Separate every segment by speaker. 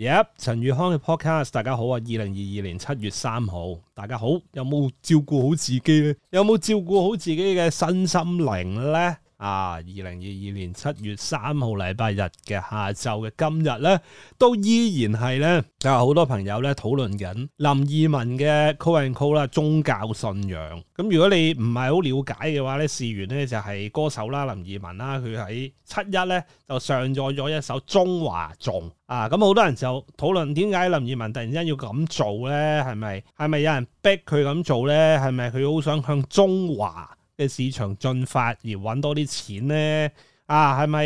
Speaker 1: Yep，陳宇康嘅 podcast，大家好啊！二零二二年七月三號，大家好，有冇照顧好自己呢？有冇照顧好自己嘅身心靈呢？啊！二零二二年七月三號禮拜日嘅下晝嘅今日呢，都依然係呢。有好多朋友呢，討論緊林二汶嘅 call and call 啦，宗教信仰。咁如果你唔係好了解嘅話呢，事緣呢就係歌手啦，林二汶啦，佢喺七一呢就上咗咗一首《中華頌》啊！咁、嗯、好多人就討論點解林二汶突然間要咁做呢？係咪，係咪有人逼佢咁做呢？係咪佢好想向中華？嘅市場進發而揾多啲錢咧啊，係咪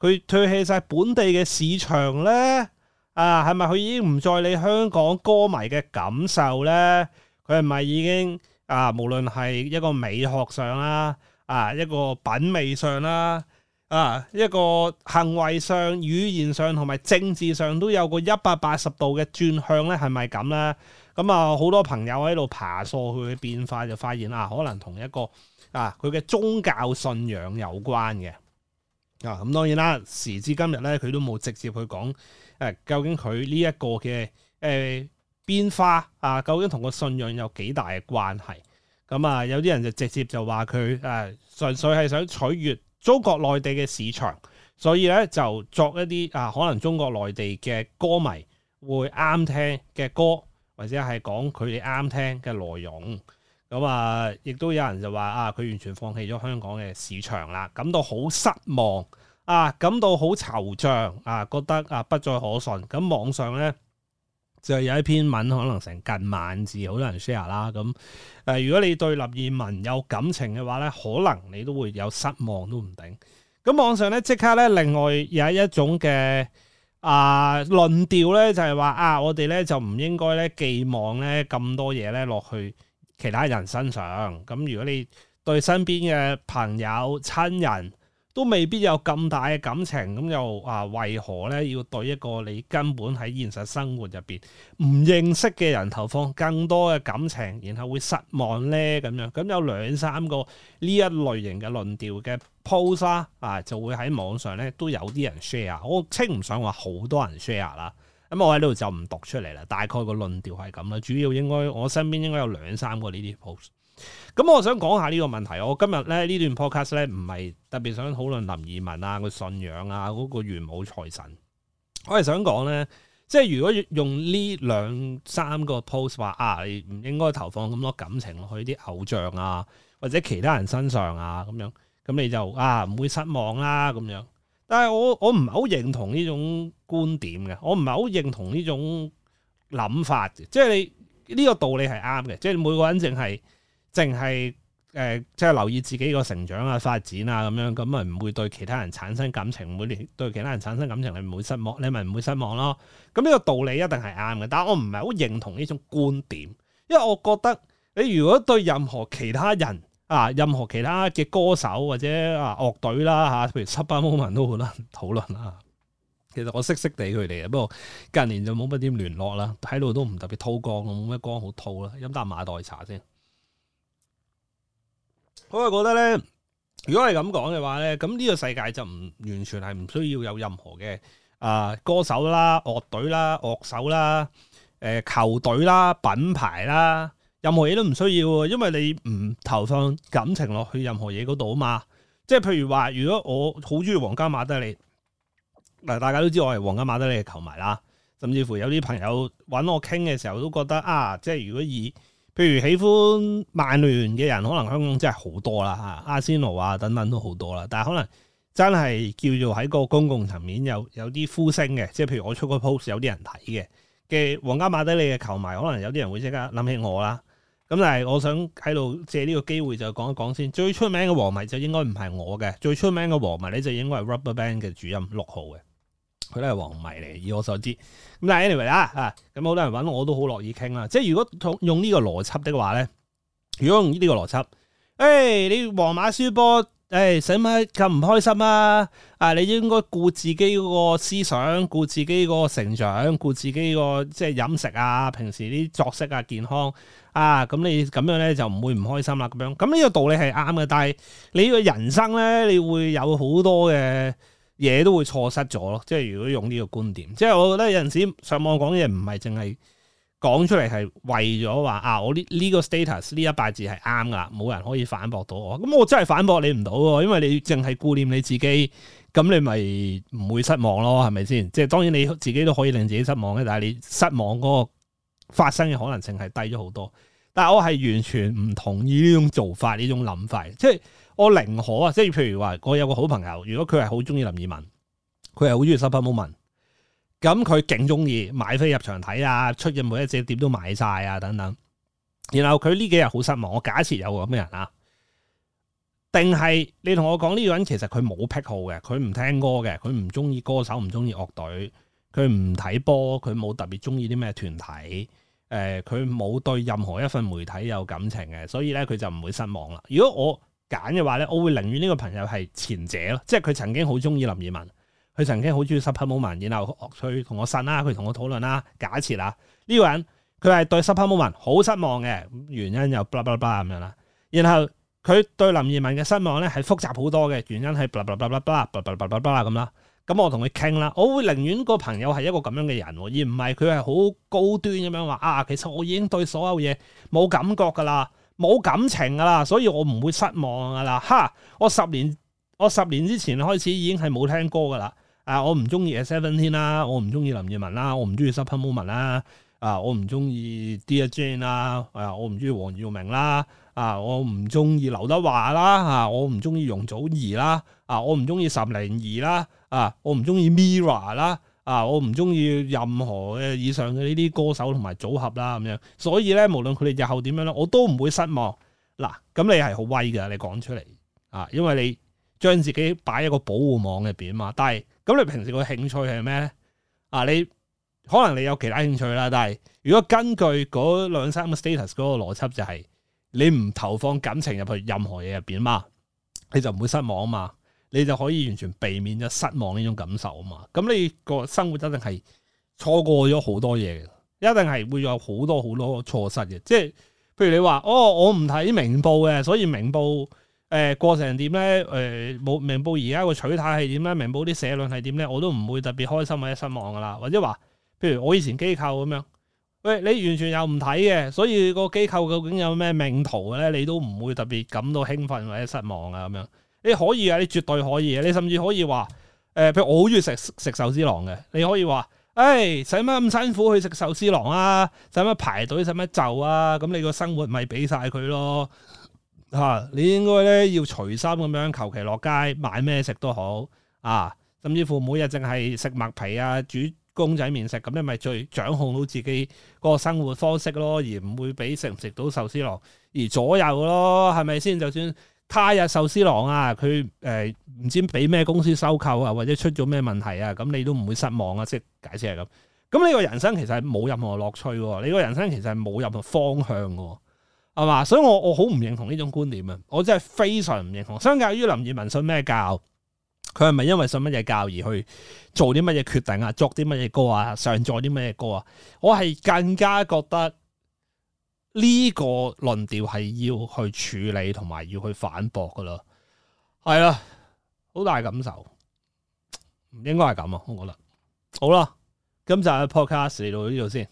Speaker 1: 佢退棄晒本地嘅市場咧？啊，係咪佢已經唔再理香港歌迷嘅感受咧？佢係咪已經啊，無論係一個美學上啦，啊，一個品味上啦？啊，一個行為上、語言上同埋政治上都有個一百八十度嘅轉向咧，係咪咁咧？咁、嗯、啊，好多朋友喺度爬數佢嘅變化，就發現啊，可能同一個啊佢嘅宗教信仰有關嘅。啊，咁、嗯、當然啦，時至今日咧，佢都冇直接去講誒，究竟佢呢一個嘅誒變化啊，究竟同個、呃啊、竟信仰有幾大嘅關係？咁、嗯、啊，有啲人就直接就話佢誒，純粹係想取悦。中國內地嘅市場，所以咧就作一啲啊，可能中國內地嘅歌迷會啱聽嘅歌，或者係講佢哋啱聽嘅內容。咁、嗯、啊，亦都有人就話啊，佢完全放棄咗香港嘅市場啦，感到好失望啊，感到好惆悵啊，覺得啊不再可信。咁、啊、網上咧。就有一篇文可能成近萬字，好多人 share 啦。咁，誒、呃，如果你對立意文有感情嘅話咧，可能你都會有失望都唔定。咁網上咧即刻咧，另外有一種嘅啊論調咧，就係、是、話啊，我哋咧就唔應該咧寄望咧咁多嘢咧落去其他人身上。咁如果你對身邊嘅朋友、親人，都未必有咁大嘅感情，咁又啊，為何咧要對一個你根本喺現實生活入邊唔認識嘅人投放更多嘅感情，然後會失望呢？咁樣。咁有兩三個呢一類型嘅論調嘅 post 啊，啊，就會喺網上咧都有啲人 share，我稱唔上話好多人 share 啦。咁我喺呢度就唔讀出嚟啦。大概個論調係咁啦，主要應該我身邊應該有兩三個呢啲 post。咁、嗯、我想講下呢個問題，我今日咧呢段 podcast 咧唔係特別想討論林二汶啊，個信仰啊嗰個元武財神，我係想講咧，即係如果用呢兩三個 pose 話啊，你唔應該投放咁多感情落去啲偶像啊或者其他人身上啊咁樣，咁你就啊唔會失望啦、啊、咁樣。但係我我唔係好認同呢種觀點嘅，我唔係好認同呢種諗法嘅，即係你呢、這個道理係啱嘅，即係每個人淨係。淨係誒，即係留意自己個成長啊、發展啊咁樣，咁咪唔會對其他人產生感情，唔會對其他人產生感情，你唔會失望，你咪唔會失望咯。咁呢個道理一定係啱嘅，但係我唔係好認同呢種觀點，因為我覺得你如果對任何其他人啊，任何其他嘅歌手或者啊樂隊啦吓，譬如 Supper Moment 都好多人討論啦。其實我識識哋佢哋嘅，不過近年就冇乜點聯絡啦，喺度都唔特別韜光，冇咩光好韜啦，飲啖馬代茶先。我係覺得咧，如果係咁講嘅話咧，咁呢個世界就唔完全係唔需要有任何嘅啊、呃、歌手啦、樂隊啦、樂手啦、誒、呃、球隊啦、品牌啦，任何嘢都唔需要，因為你唔投放感情落去任何嘢嗰度啊嘛。即係譬如話，如果我好中意皇家馬德里，嗱，大家都知我係皇家馬德里嘅球迷啦，甚至乎有啲朋友揾我傾嘅時候都覺得啊，即係如果以。譬如喜歡曼聯嘅人，可能香港真係好多啦嚇，阿仙奴啊等等都好多啦。但係可能真係叫做喺個公共層面有有啲呼聲嘅，即係譬如我出個 post 有啲人睇嘅，嘅皇家馬德里嘅球迷可能有啲人會即刻諗起我啦。咁但係我想喺度借呢個機會就講一講先。最出名嘅皇迷就應該唔係我嘅，最出名嘅皇迷你就應該係 Rubberband 嘅主音六號嘅。佢都係黃迷嚟，以我所知。咁但係 anyway 啦啊，咁、嗯、好多人揾我都好樂意傾啦。即係如果用呢個邏輯的話咧，如果用呢個邏輯，誒、哎，你皇馬輸波，誒、哎，使乜咁唔開心啊？啊，你應該顧自己個思想，顧自己個成長，顧自己個即係飲食啊，平時啲作息啊，健康啊，咁你咁樣咧就唔會唔開心啦、啊。咁樣，咁呢個道理係啱嘅。但係你個人生咧，你會有好多嘅。嘢都會錯失咗咯，即係如果用呢個觀點，即係我覺得有陣時上網講嘢唔係淨係講出嚟係為咗話啊，我呢呢個 status 呢一百字係啱㗎，冇人可以反駁到我。咁、嗯、我真係反駁你唔到喎，因為你淨係顧念你自己，咁你咪唔會失望咯，係咪先？即係當然你自己都可以令自己失望咧，但係你失望嗰個發生嘅可能性係低咗好多。但係我係完全唔同意呢種做法，呢種諗法，即係。我寧可啊，即係譬如話，我有個好朋友，如果佢係好中意林二汶，佢係好中意《Super Moment》，咁佢勁中意買飛入場睇啊，出嘅每一隻碟都買晒啊等等。然後佢呢幾日好失望。我假設有個咁嘅人啊，定係你同我講呢個人其實佢冇癖好嘅，佢唔聽歌嘅，佢唔中意歌手，唔中意樂隊，佢唔睇波，佢冇特別中意啲咩團體。誒、呃，佢冇對任何一份媒體有感情嘅，所以咧佢就唔會失望啦。如果我揀嘅話咧，我會寧願呢個朋友係前者咯，即係佢曾經好中意林二汶，佢曾經好中意 Supper Moment，然後佢同我呻啦，佢同我討論啦，假設啦，呢、這個人佢係對 Supper Moment 好失望嘅，原因又 blah blah blah 咁樣啦，然後佢對林二汶嘅失望咧係複雜好多嘅，原因係 blah blah blah blah blah blah blah 咁啦，咁我同佢傾啦，我會寧願個朋友係一個咁樣嘅人，而唔係佢係好高端咁樣話啊，其實我已經對所有嘢冇感覺噶啦。冇感情噶啦，所以我唔會失望噶啦。哈！我十年我十年之前開始已經係冇聽歌噶啦。啊，我唔中意 Seventeen 啦，我唔中意林二汶啦，我唔中意 Supper Moment 啦。啊，我唔中意 Dear Jane 啦。啊，我唔中意黃耀明啦。啊，我唔中意劉德華啦。啊，我唔中意容祖兒啦。啊，我唔中意十零二啦。啊，我唔中意 Mirror 啦。啊！我唔中意任何嘅以上嘅呢啲歌手同埋組合啦，咁樣，所以咧，無論佢哋日後點樣咧，我都唔會失望。嗱、啊，咁你係好威㗎，你講出嚟啊，因為你將自己擺喺個保護網入邊嘛。但係咁，你平時個興趣係咩咧？啊，你可能你有其他興趣啦，但係如果根據嗰兩三個 status 嗰個邏輯、就係，就係你唔投放感情入去任何嘢入邊嘛，你就唔會失望啊嘛。你就可以完全避免咗失望呢種感受啊嘛，咁你個生活一定係錯過咗好多嘢，一定係會有好多好多錯失嘅。即係譬如你話哦，我唔睇明報嘅，所以明報誒、呃、過成點咧？誒，冇明報而家個取態係點咧？明報啲社論係點咧？我都唔會特別開心或者失望噶啦，或者話譬如我以前機構咁樣，喂，你完全又唔睇嘅，所以個機構究竟有咩命途咧？你都唔會特別感到興奮或者失望啊咁樣。你可以啊！你絕對可以啊！你甚至可以話，誒、呃，譬如我好中意食食壽司郎嘅，你可以話，唉、欸，使乜咁辛苦去食壽司郎啊？使乜排隊？使乜就啊？咁你個生活咪俾晒佢咯。吓、啊，你應該咧要隨心咁樣，求其落街買咩食都好啊，甚至乎每日淨係食麥皮啊、煮公仔麵食咁咧，你咪最掌控到自己嗰個生活方式咯，而唔會俾食唔食到壽司郎而左右咯，係咪先？就算。泰日壽司郎啊，佢誒唔知俾咩公司收購啊，或者出咗咩問題啊，咁你都唔會失望啊，即係解釋係咁。咁你個人生其實係冇任何樂趣，你個人生其實係冇任何方向嘅，係嘛？所以我我好唔認同呢種觀點啊！我真係非常唔認同。相較於林義文信咩教，佢係咪因為信乜嘢教而去做啲乜嘢決定啊？作啲乜嘢歌啊？上載啲乜嘢歌啊？我係更加覺得。呢個論調係要去處理同埋要去反駁噶咯，係啊，好大感受，唔應該係咁啊！我覺得好啦，今集嘅 podcast 嚟到呢度先，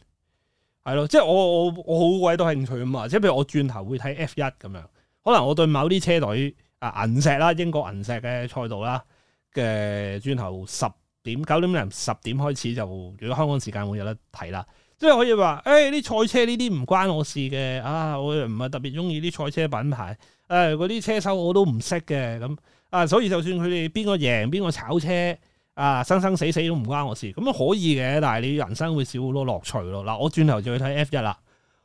Speaker 1: 係咯，即係我我我好鬼多興趣啊嘛！即係譬如我轉頭會睇 F1 咁樣，可能我對某啲車隊啊，銀石啦、英國銀石嘅賽道啦嘅轉頭十點九點零十點開始就，如果香港時間會有得睇啦。即係可以話，誒、欸，啲賽車呢啲唔關我事嘅，啊，我又唔係特別中意啲賽車品牌，誒、啊，啲車手我都唔識嘅，咁啊，所以就算佢哋邊個贏邊個炒車啊，生生死死都唔關我事，咁啊可以嘅，但係你人生會少好多樂趣咯。嗱、啊，我轉頭就去睇 F 一啦。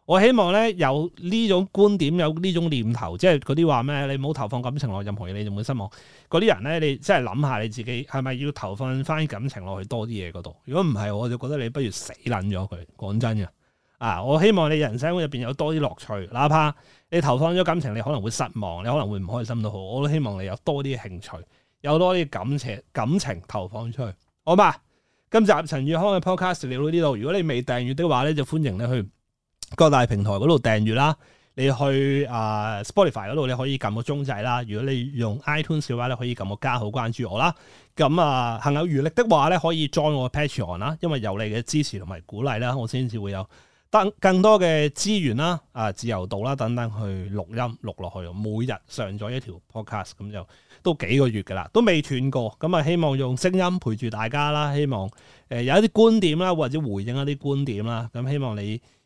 Speaker 1: 我希望咧有呢種觀點，有呢種念頭，即係嗰啲話咩？你冇投放感情落任何嘢，你就唔會失望。嗰啲人咧，你真係諗下你自己係咪要投放翻,感情落去多啲嘢嗰度？如果唔係，我就覺得你不如死捻咗佢。講真嘅啊！我希望你人生入邊有多啲樂趣，哪怕你投放咗感情，你可能會失望，你可能會唔開心都好。我都希望你有多啲興趣，有多啲感情感情投放出去。好吧，今集陳宇康嘅 podcast 聊到呢度。如果你未訂閱的話咧，就歡迎你去。各大平台嗰度訂閲啦，你去啊 Spotify 嗰度你可以撳個鐘仔啦。如果你用 iTunes 嘅話咧，可以撳個加號關注我啦。咁、嗯、啊，行有餘力的話咧，可以 join 我 Patreon 啦。因為有你嘅支持同埋鼓勵啦，我先至會有更更多嘅資源啦、啊自由度啦等等去錄音錄落去，每日上咗一條 podcast，咁就都幾個月噶啦，都未斷過。咁、嗯、啊，希望用聲音陪住大家啦，希望誒、呃、有一啲觀點啦，或者回應一啲觀點啦，咁、嗯、希望你。